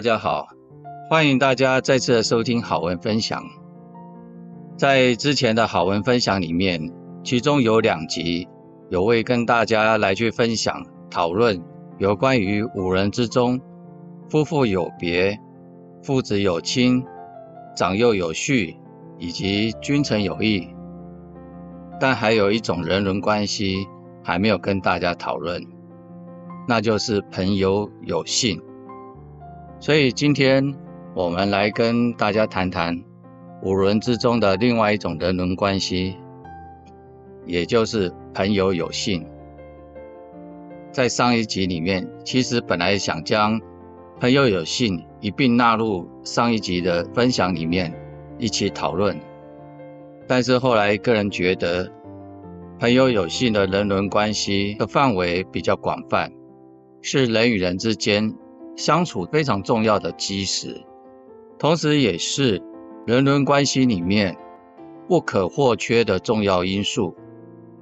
大家好，歡迎大家再次收聽好文分享。在之前的好文分享裡面，其中有兩集有位跟大家來去分享討論有關於五倫之中，夫婦有別，父子有親，長幼有序，以及君臣有義。但還有一種人倫關係還沒有跟大家討論，那就是朋友有信。所以今天我們來跟大家談談五倫之中的另外一種人倫關係，也就是朋友有信。在上一集裡面，其實本來想將朋友有信一併納入上一集的分享裡面一起討論，但是後來個人覺得，朋友有信的人倫關係的範圍比較廣泛，是人與人之間。相處非常重要的基石，同時也是人倫關係裡面不可或缺的重要因素，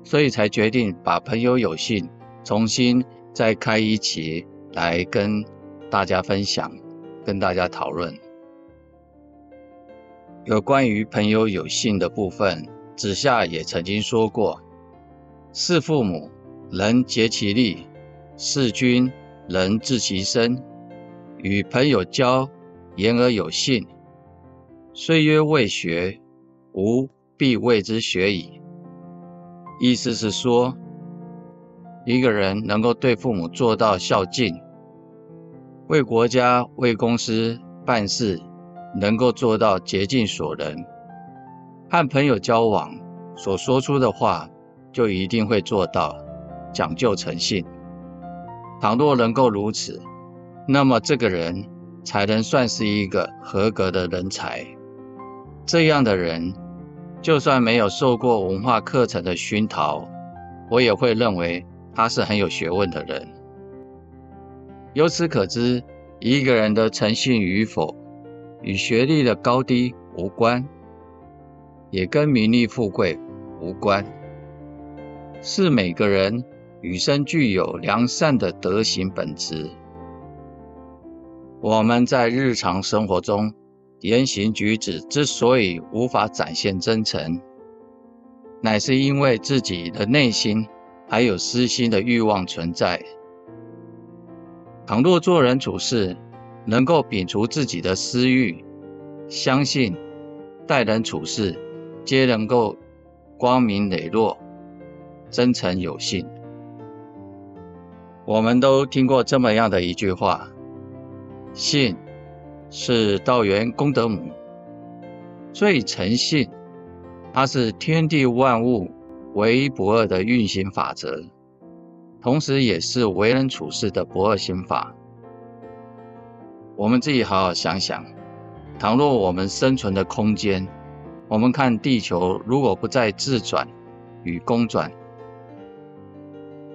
所以才決定把朋友有信重新再開一期來跟大家分享，跟大家討論有關於朋友有信的部分。子夏也曾經說過：“事父母能竭其力，事君能致其身。”與朋友交，言而有信。雖曰未學，吾必謂之學矣。意思是說，一個人能夠對父母做到孝敬，為國家、為公司辦事能夠做到竭盡所能，和朋友交往所說出的話就一定會做到，講究誠信。倘若能夠如此，那麼這個人才能算是一個合格的人才。這樣的人，就算沒有受過文化課程的熏陶，我也會認為他是很有學問的人。由此可知，一個人的誠信與否，與學歷的高低無關，也跟名利富貴無關。是每個人與生俱有良善的德行本質。我們在日常生活中言行舉止之所以無法展現真誠，乃是因為自己的內心還有私心的欲望存在。倘若做人處事能夠摒除自己的私欲，相信待人處事皆能夠光明磊落、真誠有信。我們都聽過這麼樣的一句話。信是道源功德母，最誠信，它是天地萬物唯一不二的運行法則，同時也是為人處事的不二心法。我們自己好好想想，倘若我們生存的空間，我們看地球如果不再自轉與公轉，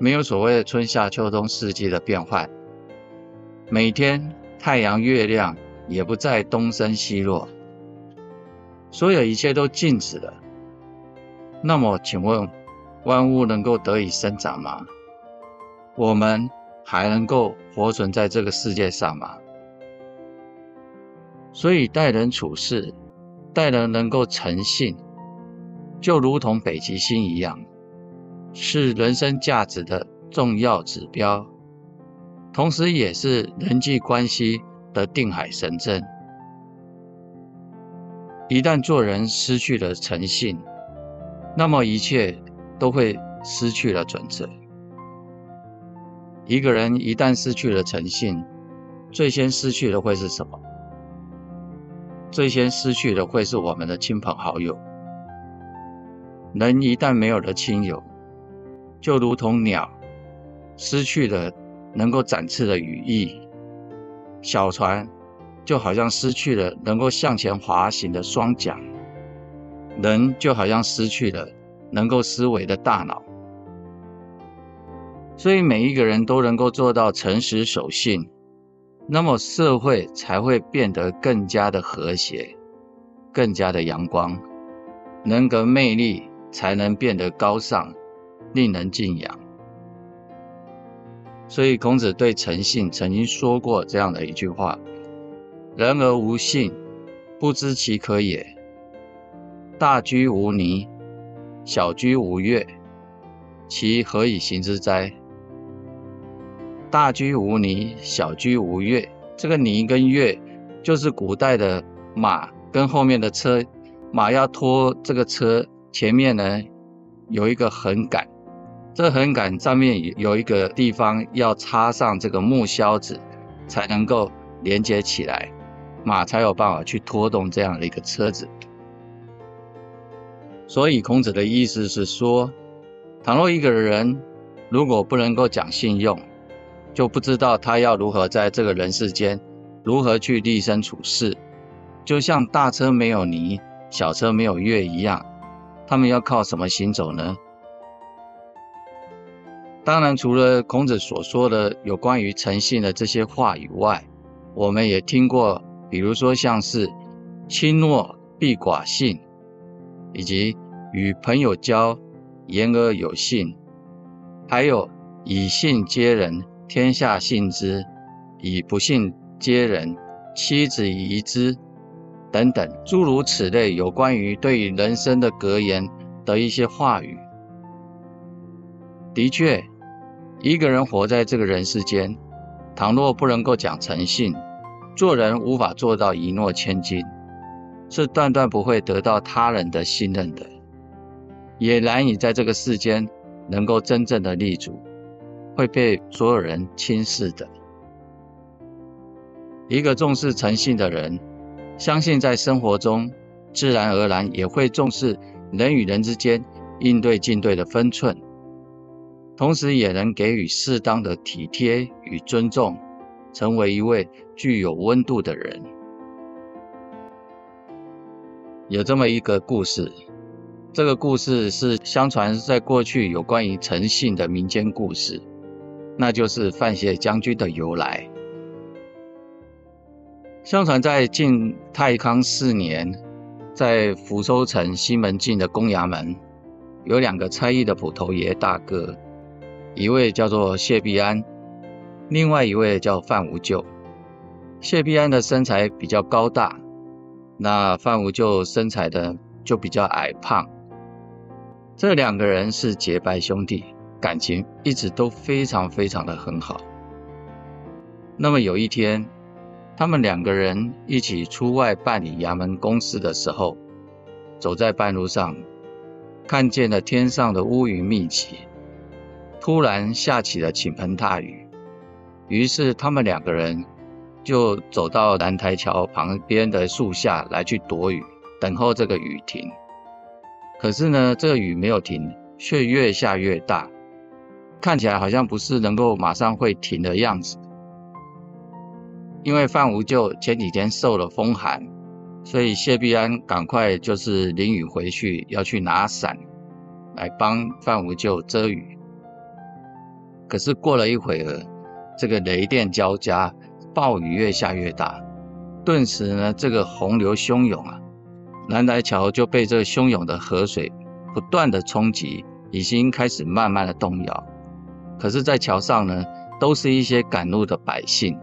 沒有所謂的春夏秋冬四季的變換，每天。太陽、月亮也不再東升西落，所有一切都靜止了。那麼，請問，萬物能夠得以生長嗎？我們還能夠活存在這個世界上嗎？所以，待人處事，待人能夠誠信，就如同北極星一樣，是人生價值的重要指標。同時，也是人際關係的定海神針。一旦做人失去了誠信，那麼一切都會失去了準則。一個人一旦失去了誠信，最先失去的會是什麼？最先失去的會是我們的親朋好友。人一旦沒有了親友，就如同鳥失去了。能夠展翅的羽翼，小船就好像失去了能夠向前滑行的雙槳；人就好像失去了能夠思維的大腦。所以，每一個人都能夠做到誠實守信，那麼社會才會變得更加的和諧，更加的陽光，人格魅力才能變得高尚，令人敬仰。所以，孔子對誠信曾經說過這樣的一句話：“人而無信，不知其可也。大車無輗，小車無軏，其何以行之哉？”大車無輗，小車無軏，這個輗跟軏，就是古代的馬跟後面的車，馬要拖這個車，前面呢有一個橫杆。這橫杆上面有一個地方要插上這個木銷子，才能夠連接起來，馬才有辦法去拖動這樣的一個車子。所以孔子的意思是說，倘若一個人如果不能夠講信用，就不知道他要如何在這個人世間，如何去立身處世。就像大車沒有泥，小車沒有月一樣，他們要靠什麼行走呢？當然，除了孔子所說的有關於誠信的這些話語外，我們也聽過，比如說像是“輕諾必寡信”，以及“與朋友交，言而有信”，還有“以信接人，天下信之；以不信接人，妻子疑之”等等諸如此類有關於對於人生的格言的一些話語。的確。一個人活在這個人世間，倘若不能夠講誠信，做人無法做到一諾千金，是斷斷不會得到他人的信任的，也難以在這個世間能夠真正的立足，會被所有人輕視的。一個重視誠信的人，相信在生活中自然而然也會重視人與人之間應對進退的分寸，同時也能給予適當的體貼與尊重，成為一位具有溫度的人。有這麼一個故事，這個故事是相傳在過去有關於誠信的民間故事，那就是范謝將軍的由來。相傳在晉太康四年，在福州城西門慶的公衙門，有兩個差役的捕頭爺大哥。一位叫做謝必安，另外一位叫范無救。謝必安的身材比較高大，那范無救身材的就比較矮胖。這兩個人是結拜兄弟，感情一直都非常非常的很好。那麼有一天，他們兩個人一起出外辦理衙門公事的時候，走在半路上，看見了天上的烏雲密集。突然下起了傾盆大雨，於是他們兩個人就走到南台橋旁邊的樹下來去躲雨，等候這個雨停。可是呢，這個雨沒有停，卻越下越大，看起來好像不是能夠馬上會停的樣子。因為范無咎前幾天受了風寒，所以謝必安趕快就是淋雨回去，要去拿傘來幫范無咎遮雨。可是過了一會兒，這個雷電交加，暴雨越下越大，頓時呢，這個洪流洶湧啊，南來橋就被這個洶湧的河水不斷的衝擊，已經開始慢慢的動搖。可是，在橋上呢，都是一些趕路的百姓。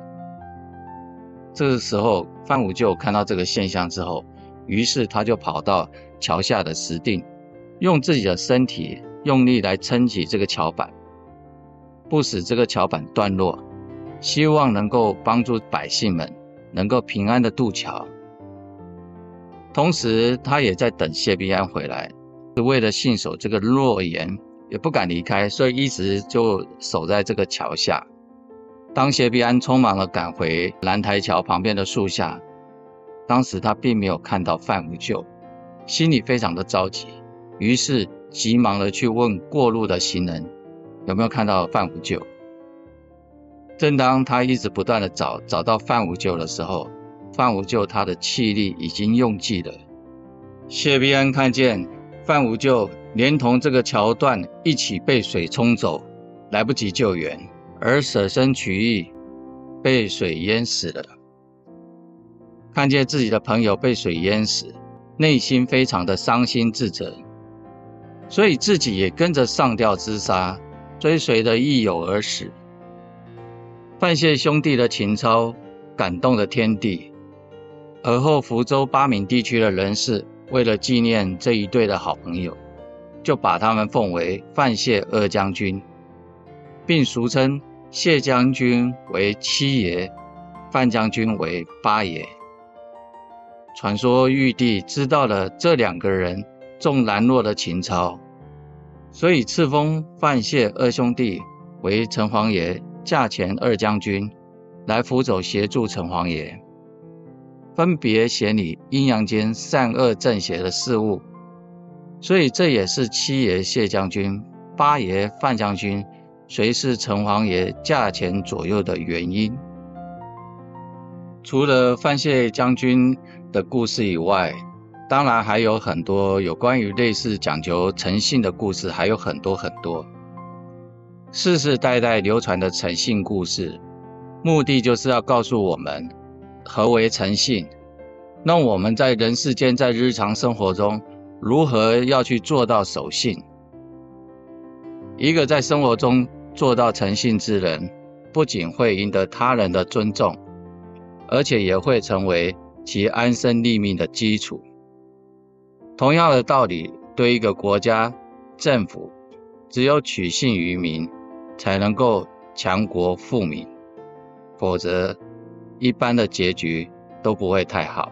這個時候，范五舅看到這個現象之後，於是他就跑到橋下的石定，用自己的身體用力來撐起這個橋板。不使這個橋板斷落，希望能夠幫助百姓們能夠平安的渡橋。同時，他也在等謝必安回來，是為了信守這個諾言，也不敢離開，所以一直就守在這個橋下。當謝必安匆忙的趕回南台橋旁邊的樹下，當時他並沒有看到范無救，心裡非常的着急，於是急忙的去問過路的行人。有沒有看到范無咎？正當他一直不斷的找，找到范無咎的時候，范無咎他的氣力已經用盡了。謝必安看見范無咎連同這個橋段一起被水沖走，來不及救援，而捨身取義，被水淹死了。看見自己的朋友被水淹死，內心非常的傷心自責，所以自己也跟着上吊自殺。追隨的義友而死，范謝兄弟的情操感動了天地。而後福州八閩地區的人士為了紀念這一對的好朋友，就把他們奉為范謝二將軍，並俗稱謝將軍為七爺，范將軍為八爺。傳說玉帝知道了這兩個人重然諾的情操。所以敕封范謝二兄弟為城隍爺駕前二將軍，來輔佐協助城隍爺，分別協理陰陽間善惡正邪的事物。所以這也是七爺謝將軍、八爺范將軍隨侍城隍爺駕前左右的原因。除了范謝將軍的故事以外，當然，還有很多有關於類似講究誠信的故事，還有很多很多世世代代流傳的誠信故事，目的就是要告訴我們何為誠信，讓我們在人世間，在日常生活中如何要去做到守信。一個在生活中做到誠信之人，不僅會贏得他人的尊重，而且也會成為其安身立命的基礎。同樣的道理，對一個國家、政府，只有取信於民，才能夠強國富民，否則，一般的結局都不會太好。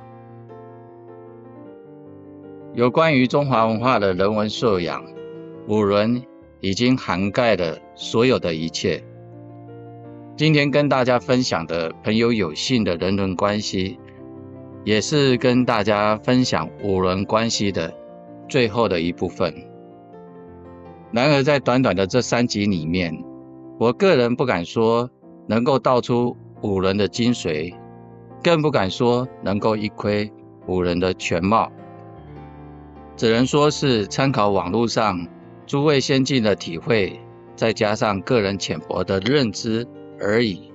有關於中華文化的人文素養，五倫已經涵蓋了所有的一切。今天跟大家分享的朋友有信的人倫關係。也是跟大家分享五倫關係的最後的一部分。然而，在短短的這三集裡面，我個人不敢說能夠道出五倫的精髓，更不敢說能夠一窺五倫的全貌，只能說是參考網絡上諸位先進的體會，再加上個人淺薄的認知而已，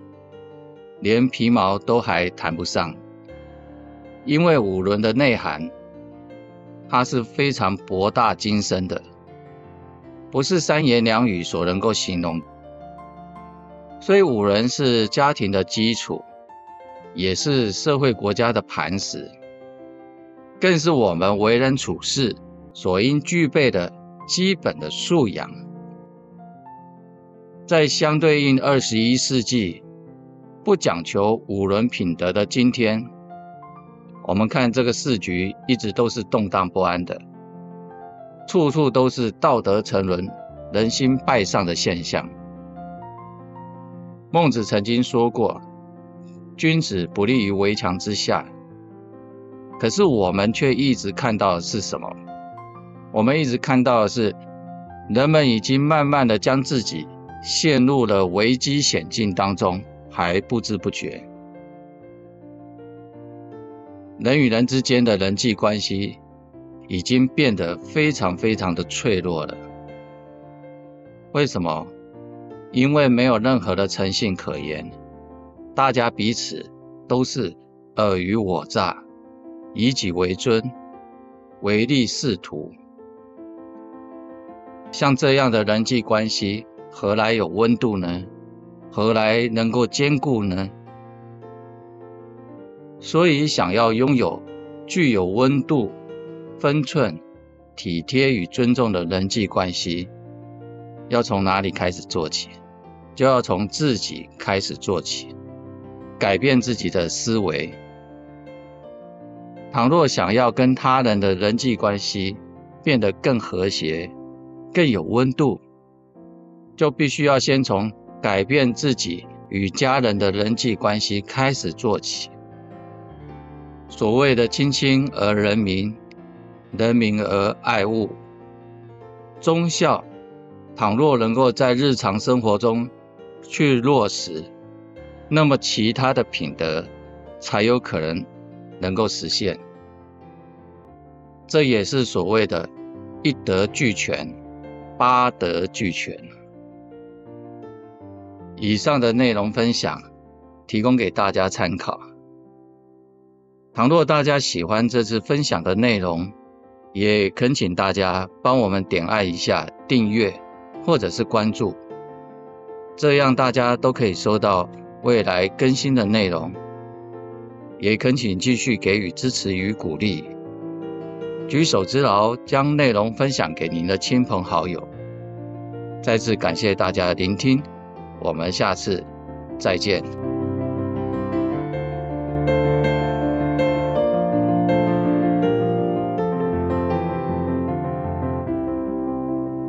連皮毛都還談不上。因為五倫的內涵，它是非常博大精深的，不是三言兩語所能夠形容的。所以，五倫是家庭的基礎，也是社會國家的磐石，更是我們為人處事所應具備的基本的素養。在相對應二十一世紀，不講求五倫品德的今天。我們看這個世局一直都是動盪不安的，處處都是道德沉淪、人心敗喪的現象。孟子曾經說過：“君子不立於危牆之下。”可是我們卻一直看到的是什麼？我們一直看到的是人們已經慢慢的將自己陷入了危機險境當中，還不知不覺。人與人之間的人際關係已經變得非常非常的脆弱了。為什麼？因為沒有任何的誠信可言，大家彼此都是爾虞我詐、以己為尊、唯利是圖。像這樣的人際關係，何來有溫度呢？何來能夠堅固呢？所以，想要擁有具有溫度、分寸、體貼與尊重的人際關係，要從哪裡開始做起？就要從自己開始做起，改變自己的思維。倘若想要跟他人的人際關係變得更和諧、更有溫度，就必須要先從改變自己與家人的人際關係開始做起。所謂的親親而仁民，仁民而愛物，忠孝倘若能夠在日常生活中去落實，那麼其他的品德才有可能能夠實現。這也是所謂的一德俱全，八德俱全。以上的內容分享，提供給大家參考。倘若大家喜歡這次分享的內容，也懇請大家幫我們點按一下、訂閱或者是關注，這樣大家都可以收到未來更新的內容。也懇請繼續給予支持與鼓勵，舉手之勞將內容分享給您的親朋好友。再次感謝大家的聆聽，我們下次再見。